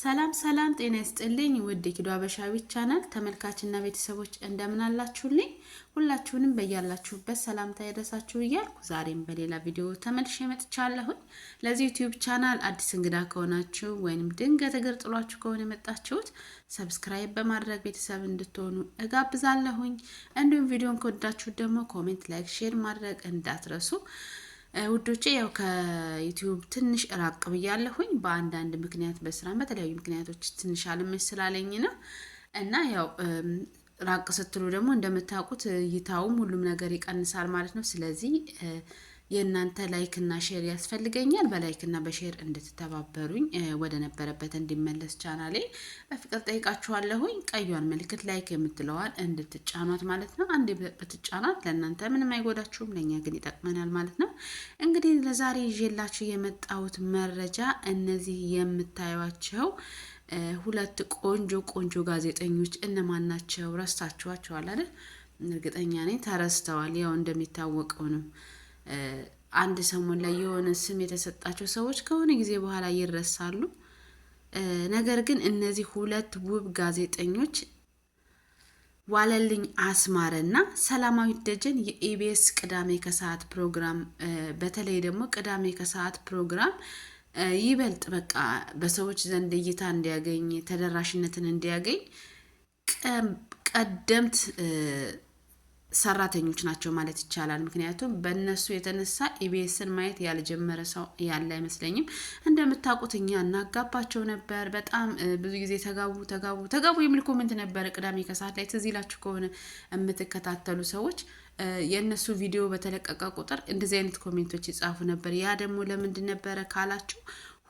ሰላም ሰላም፣ ጤና ይስጥልኝ ውድ ኪዶ አበሻዊ ቻናል ተመልካችና ቤተሰቦች እንደምን አላችሁልኝ? ሁላችሁንም በያላችሁበት ሰላምታ ያደረሳችሁ እያልኩ ዛሬም በሌላ ቪዲዮ ተመልሼ መጥቻለሁኝ። ለዚህ ዩቲዩብ ቻናል አዲስ እንግዳ ከሆናችሁ ወይንም ድንገት እግር ጥሏችሁ ከሆነ የመጣችሁት ሰብስክራይብ በማድረግ ቤተሰብ እንድትሆኑ እጋብዛለሁኝ። እንዲሁም ቪዲዮን ከወዳችሁ ደግሞ ኮሜንት፣ ላይክ፣ ሼር ማድረግ እንዳትረሱ። ውዶቼ ያው ከዩቲዩብ ትንሽ ራቅ ብያለሁኝ። በአንዳንድ ምክንያት በስራ በተለያዩ ምክንያቶች ትንሽ አልመች ስላለኝ ነው እና ያው ራቅ ስትሉ ደግሞ እንደምታውቁት እይታውም ሁሉም ነገር ይቀንሳል ማለት ነው። ስለዚህ የእናንተ ላይክና ሼር ያስፈልገኛል። በላይክና በሼር እንድትተባበሩኝ ወደ ነበረበት እንዲመለስ ቻናሌ በፍቅር ጠይቃችኋለሁኝ። ቀዩን ምልክት ላይክ የምትለዋል እንድትጫኗት ማለት ነው። አንዴ ብትጫኗት ለእናንተ ምንም አይጎዳችሁም፣ ለእኛ ግን ይጠቅመናል ማለት ነው። እንግዲህ ለዛሬ ይዤላችሁ የመጣሁት መረጃ እነዚህ የምታዩቸው ሁለት ቆንጆ ቆንጆ ጋዜጠኞች እነማን ናቸው? ረስታችኋቸዋል አይደል? እርግጠኛ ነኝ ተረስተዋል። ያው እንደሚታወቀው ነው አንድ ሰሞን ላይ የሆነ ስም የተሰጣቸው ሰዎች ከሆነ ጊዜ በኋላ ይረሳሉ። ነገር ግን እነዚህ ሁለት ውብ ጋዜጠኞች ዋለልኝ አስማረና ሰላማዊት ደጀን የኢቢኤስ ቅዳሜ ከሰዓት ፕሮግራም በተለይ ደግሞ ቅዳሜ ከሰዓት ፕሮግራም ይበልጥ በቃ በሰዎች ዘንድ እይታ እንዲያገኝ ተደራሽነትን እንዲያገኝ ቀደምት ሰራተኞች ናቸው ማለት ይቻላል። ምክንያቱም በእነሱ የተነሳ ኢቢኤስን ማየት ያልጀመረ ሰው ያለ አይመስለኝም። እንደምታውቁት እኛ እናጋባቸው ነበር። በጣም ብዙ ጊዜ ተጋቡ ተጋቡ ተጋቡ የሚል ኮመንት ነበር ቅዳሜ ከሰዓት ላይ ትዝ ይላችሁ ከሆነ የምትከታተሉ ሰዎች የእነሱ ቪዲዮ በተለቀቀ ቁጥር እንደዚህ አይነት ኮሜንቶች ይጻፉ ነበር። ያ ደግሞ ለምንድን ነበረ ካላችሁ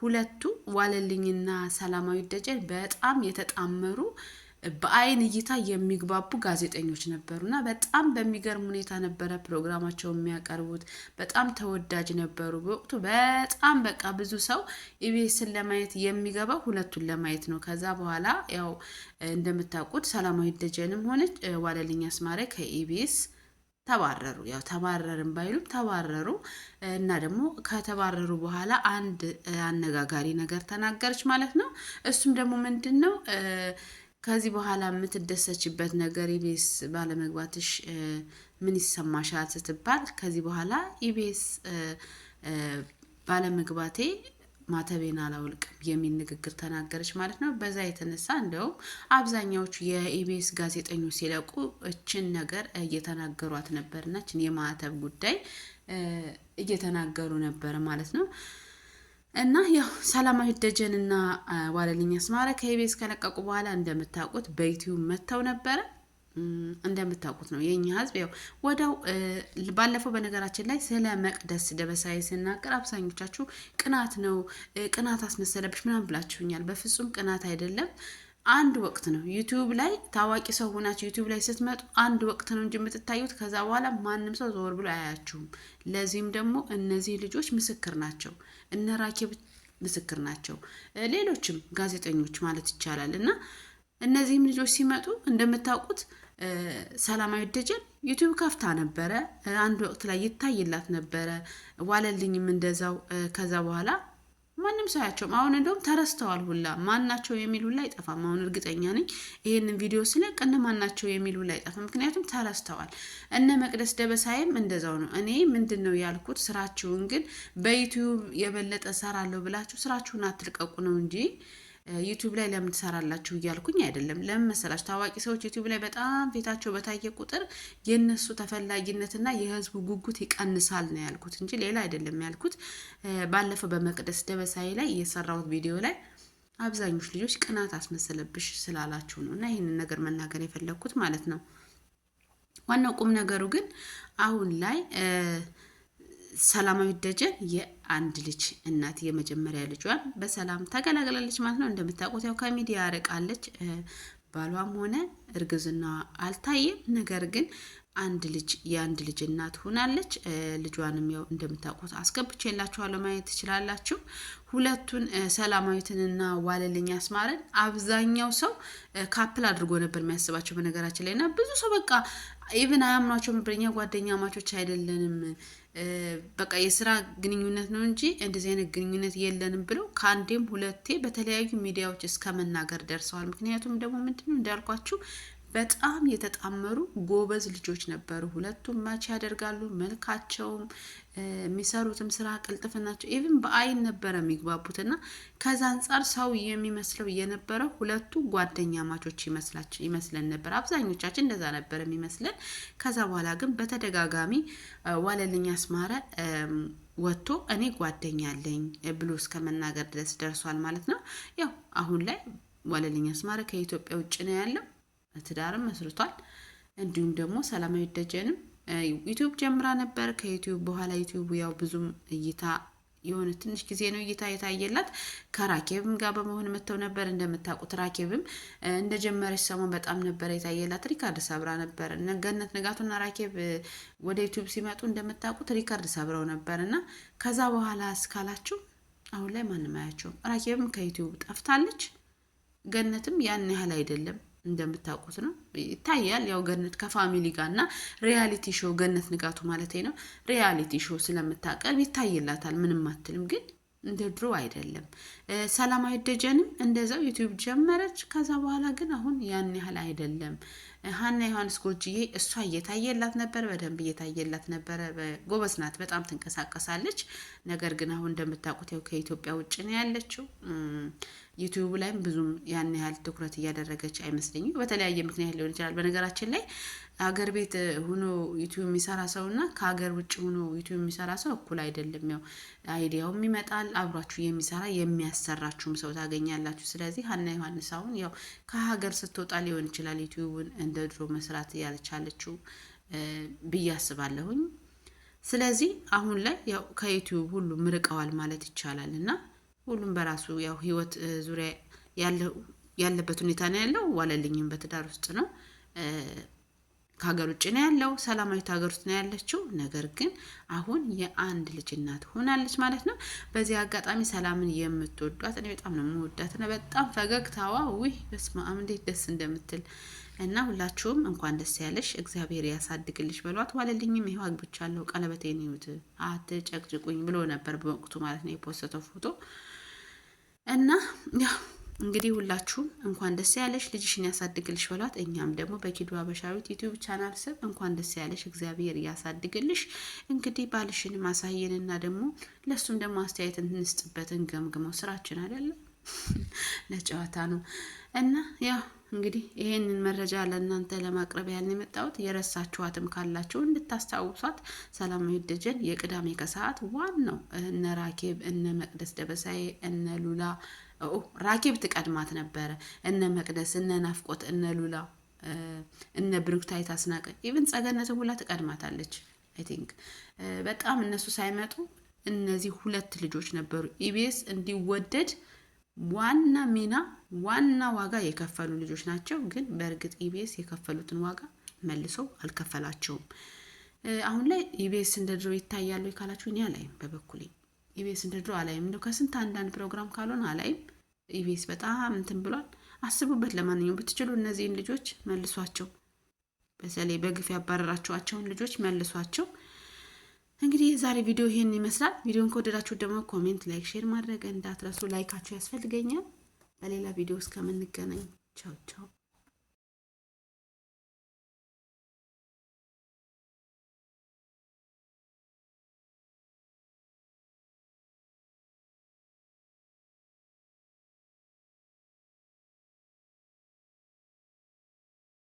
ሁለቱ ዋለልኝና ሰላማዊ ደጀን በጣም የተጣመሩ በአይን እይታ የሚግባቡ ጋዜጠኞች ነበሩ እና በጣም በሚገርም ሁኔታ ነበረ ፕሮግራማቸው የሚያቀርቡት። በጣም ተወዳጅ ነበሩ በወቅቱ። በጣም በቃ ብዙ ሰው ኢቢኤስን ለማየት የሚገባው ሁለቱን ለማየት ነው። ከዛ በኋላ ያው እንደምታውቁት ሰላማዊ ደጀንም ሆነች ዋለልኝ አስማረ ከኢቢኤስ ተባረሩ። ያው ተባረርን ባይሉም ተባረሩ እና ደግሞ ከተባረሩ በኋላ አንድ አነጋጋሪ ነገር ተናገረች ማለት ነው። እሱም ደግሞ ምንድን ነው ከዚህ በኋላ የምትደሰችበት ነገር ኢቢኤስ ባለመግባትሽ ምን ይሰማሻል ስትባል ከዚህ በኋላ ኢቢኤስ ባለመግባቴ ማተቤን አላውልቅም የሚል ንግግር ተናገረች ማለት ነው። በዛ የተነሳ እንደውም አብዛኛዎቹ የኢቢኤስ ጋዜጠኞች ሲለቁ እችን ነገር እየተናገሯት ነበርና እችን የማተብ ጉዳይ እየተናገሩ ነበር ማለት ነው። እና ያው ሰላማዊ ደጀን ደጀንና ዋለልኝ አስማረ ከኢቢኤስ ከለቀቁ በኋላ እንደምታውቁት በዩቲዩብ መጥተው ነበረ። እንደምታውቁት ነው የኛ ህዝብ ያው ወዳው። ባለፈው በነገራችን ላይ ስለ መቅደስ ደበሳዬ ስናገር አብዛኞቻችሁ ቅናት ነው ቅናት አስመሰለብሽ ምናምን ብላችሁኛል። በፍጹም ቅናት አይደለም። አንድ ወቅት ነው። ዩቲዩብ ላይ ታዋቂ ሰው ሆናችሁ ዩቲዩብ ላይ ስትመጡ አንድ ወቅት ነው እንጂ የምትታዩት፣ ከዛ በኋላ ማንም ሰው ዞር ብሎ አያችሁም። ለዚህም ደግሞ እነዚህ ልጆች ምስክር ናቸው። እነ ራኬብ ምስክር ናቸው። ሌሎችም ጋዜጠኞች ማለት ይቻላል እና እነዚህም ልጆች ሲመጡ እንደምታውቁት ሰላማዊ ደጀን ዩቲዩብ ከፍታ ነበረ። አንድ ወቅት ላይ ይታይላት ነበረ። ዋለልኝም እንደዛው ከዛ በኋላ ማንም ሰው አያቸውም። አሁን እንደውም ተረስተዋል ሁላ ማናቸው የሚል ሁላ አይጠፋም። አሁን እርግጠኛ ነኝ ይህንን ቪዲዮ ስለቅ እነ ማናቸው የሚል ሁላ አይጠፋም። ምክንያቱም ተረስተዋል። እነ መቅደስ ደበሳይም እንደዛው ነው። እኔ ምንድን ነው ያልኩት፣ ስራችሁን ግን በዩትዩብ የበለጠ ሰራለሁ ብላችሁ ስራችሁን አትልቀቁ ነው እንጂ ዩቲዩብ ላይ ለምን ትሰራላችሁ እያልኩኝ አይደለም። ለምን መሰላችሁ? ታዋቂ ሰዎች ዩቲዩብ ላይ በጣም ፊታቸው በታየ ቁጥር የእነሱ ተፈላጊነትና የህዝቡ ጉጉት ይቀንሳል ነው ያልኩት እንጂ ሌላ አይደለም ያልኩት። ባለፈው በመቅደስ ደበሳይ ላይ የሰራሁት ቪዲዮ ላይ አብዛኞቹ ልጆች ቅናት አስመሰለብሽ ስላላችሁ ነው እና ይህንን ነገር መናገር የፈለግኩት ማለት ነው። ዋናው ቁም ነገሩ ግን አሁን ላይ ሰላማዊ ደጀን የአንድ ልጅ እናት የመጀመሪያ ልጇን በሰላም ተገላግላለች ማለት ነው። እንደምታውቁት ያው ከሚዲያ ያርቃለች። ባሏም ሆነ እርግዝና አልታየም። ነገር ግን አንድ ልጅ የአንድ ልጅ እናት ሆናለች። ልጇንም ያው እንደምታውቁት አስገብቼላችኋለሁ ማየት ትችላላችሁ። ሁለቱን ሰላማዊትንና ዋለልኝ አስማረን አብዛኛው ሰው ካፕል አድርጎ ነበር የሚያስባቸው በነገራችን ላይ እና ብዙ ሰው በቃ ኢቭን አያምኗቸው ነበር። እኛ ጓደኛ ማቾች አይደለንም በቃ የስራ ግንኙነት ነው እንጂ እንደዚህ አይነት ግንኙነት የለንም ብለው ከአንዴም ሁለቴ በተለያዩ ሚዲያዎች እስከ መናገር ደርሰዋል። ምክንያቱም ደግሞ ምንድነው እንዳልኳችሁ በጣም የተጣመሩ ጎበዝ ልጆች ነበሩ። ሁለቱም ማች ያደርጋሉ። መልካቸውም፣ የሚሰሩትም ስራ ቅልጥፍናቸው፣ ኢቭን በአይን ነበረ የሚግባቡት እና ከዛ አንጻር ሰው የሚመስለው የነበረው ሁለቱ ጓደኛ ማቾች ይመስለን ነበር። አብዛኞቻችን እንደዛ ነበር የሚመስለን። ከዛ በኋላ ግን በተደጋጋሚ ዋለልኝ አስማረ ወጥቶ እኔ ጓደኛ አለኝ ብሎ እስከ መናገር ድረስ ደርሷል ማለት ነው። ያው አሁን ላይ ዋለልኝ አስማረ ከኢትዮጵያ ውጭ ነው ያለው። ትዳርም መስርቷል። እንዲሁም ደግሞ ሰላማዊ ደጀንም ዩቲዩብ ጀምራ ነበር። ከዩቲዩብ በኋላ ዩቲዩብ ያው ብዙም እይታ የሆነ ትንሽ ጊዜ ነው እይታ የታየላት። ከራኬብም ጋር በመሆን መጥተው ነበር እንደምታውቁት። ራኬብም እንደጀመረች ሰሞን በጣም ነበር የታየላት። ሪካርድ ሰብራ ነበር። ገነት ንጋቱና ራኬብ ወደ ዩቲዩብ ሲመጡ እንደምታውቁት ሪካርድ ሰብረው ነበር እና ከዛ በኋላ እስካላችሁ አሁን ላይ ማንም አያቸውም። ራኬብም ከዩቲዩብ ጠፍታለች። ገነትም ያን ያህል አይደለም እንደምታውቁት ነው ይታያል። ያው ገነት ከፋሚሊ ጋር እና ሪያሊቲ ሾው ገነት ንጋቱ ማለት ነው። ሪያሊቲ ሾው ስለምታቀርብ ይታይላታል፣ ምንም አትልም። ግን እንደ ድሮ አይደለም። ሰላማዊ ደጀንም እንደዛው ዩቲዩብ ጀመረች። ከዛ በኋላ ግን አሁን ያን ያህል አይደለም። ሀና ዮሐንስ ጎጅዬ እሷ እየታየላት ነበር፣ በደንብ እየታየላት ነበረ። ጎበዝ ናት፣ በጣም ትንቀሳቀሳለች። ነገር ግን አሁን እንደምታውቁት ያው ከኢትዮጵያ ውጭ ነው ያለችው። ዩቲዩብ ላይም ብዙም ያን ያህል ትኩረት እያደረገች አይመስለኝም። በተለያየ ምክንያት ሊሆን ይችላል። በነገራችን ላይ ሀገር ቤት ሆኖ ዩቲዩብ የሚሰራ ሰው እና ከሀገር ውጭ ሆኖ ዩቲዩብ የሚሰራ ሰው እኩል አይደለም። ያው አይዲያውም ይመጣል አብሯችሁ የሚሰራ የሚያ ያሰራችሁም ሰው ታገኛላችሁ። ስለዚህ ሀና ዮሐንስ አሁን ያው ከሀገር ስትወጣ ሊሆን ይችላል ዩቲዩብን እንደ ድሮ መስራት ያልቻለችው ብዬ አስባለሁኝ። ስለዚህ አሁን ላይ ያው ከዩቲዩብ ሁሉም ርቀዋል ማለት ይቻላል እና ሁሉም በራሱ ያው ህይወት ዙሪያ ያለበት ሁኔታ ነው ያለው። ዋለልኝም በትዳር ውስጥ ነው። ከሀገር ውጭ ነው ያለው። ሰላማዊት ሀገር ውስጥ ነው ያለችው። ነገር ግን አሁን የአንድ ልጅ እናት ሆናለች ማለት ነው። በዚህ አጋጣሚ ሰላምን የምትወዷት እኔ በጣም ነው የምወዳት እና በጣም ፈገግታዋ ውይ በስመ አብ እንዴት ደስ እንደምትል እና ሁላችሁም እንኳን ደስ ያለሽ እግዚአብሔር ያሳድግልሽ በሏት። ዋለልኝም ይኸው አግብቻለሁ ቀለበቴን ይዩት አትጨቅጭቁኝ ብሎ ነበር በወቅቱ ማለት ነው የፖስተተው ፎቶ እና ያው እንግዲህ ሁላችሁም እንኳን ደስ ያለሽ ልጅሽን ያሳድግልሽ በሏት። እኛም ደግሞ በኪዱ አበሻዊት ዩቲዩብ ቻናል ስም እንኳን ደስ ያለሽ እግዚአብሔር እያሳድግልሽ። እንግዲህ ባልሽን ማሳየንና ደግሞ ለእሱም ደግሞ አስተያየት እንስጥበት፣ እንገምግመው ስራችን አይደለም። ለጨዋታ ነው እና ያው እንግዲህ ይሄንን መረጃ ለእናንተ ለማቅረብ ያህል የመጣሁት የረሳችኋትም ካላችሁ እንድታስታውሷት። ሰላማዊ ደጀን የቅዳሜ ከሰዓት ዋናው እነ ራኬብ እነ መቅደስ ደበሳዬ እነ ሉላ ራኬብ ትቀድማት ነበረ። እነ መቅደስ እነ ናፍቆት እነ ሉላ እነ ብሩክታይት አስናቀ ኢቨን ጸገነት ሁላ ትቀድማታለች። አይ ቲንክ በጣም እነሱ ሳይመጡ እነዚህ ሁለት ልጆች ነበሩ ኢቢኤስ እንዲወደድ ዋና ሚና ዋና ዋጋ የከፈሉ ልጆች ናቸው። ግን በእርግጥ ኢቢኤስ የከፈሉትን ዋጋ መልሶ አልከፈላቸውም። አሁን ላይ ኢቢኤስ እንደ ድሮ ይታያሉ ካላችሁ እኔ አላይም። በበኩሌ ኢቢኤስ እንደ ድሮ አላይም። እንደው ከስንት አንዳንድ ፕሮግራም ካልሆነ አላይም። ኢቢኤስ በጣም እንትን ብሏል። አስቡበት። ለማንኛውም ብትችሉ እነዚህን ልጆች መልሷቸው። በተለይ በግፍ ያባረራችኋቸውን ልጆች መልሷቸው። እንግዲህ የዛሬ ቪዲዮ ይሄን ይመስላል። ቪዲዮን ከወደዳችሁ ደግሞ ኮሜንት፣ ላይክ፣ ሼር ማድረግ እንዳትረሱ። ላይካችሁ ያስፈልገኛል። በሌላ ቪዲዮ እስከምንገናኝ ቻው ቻው።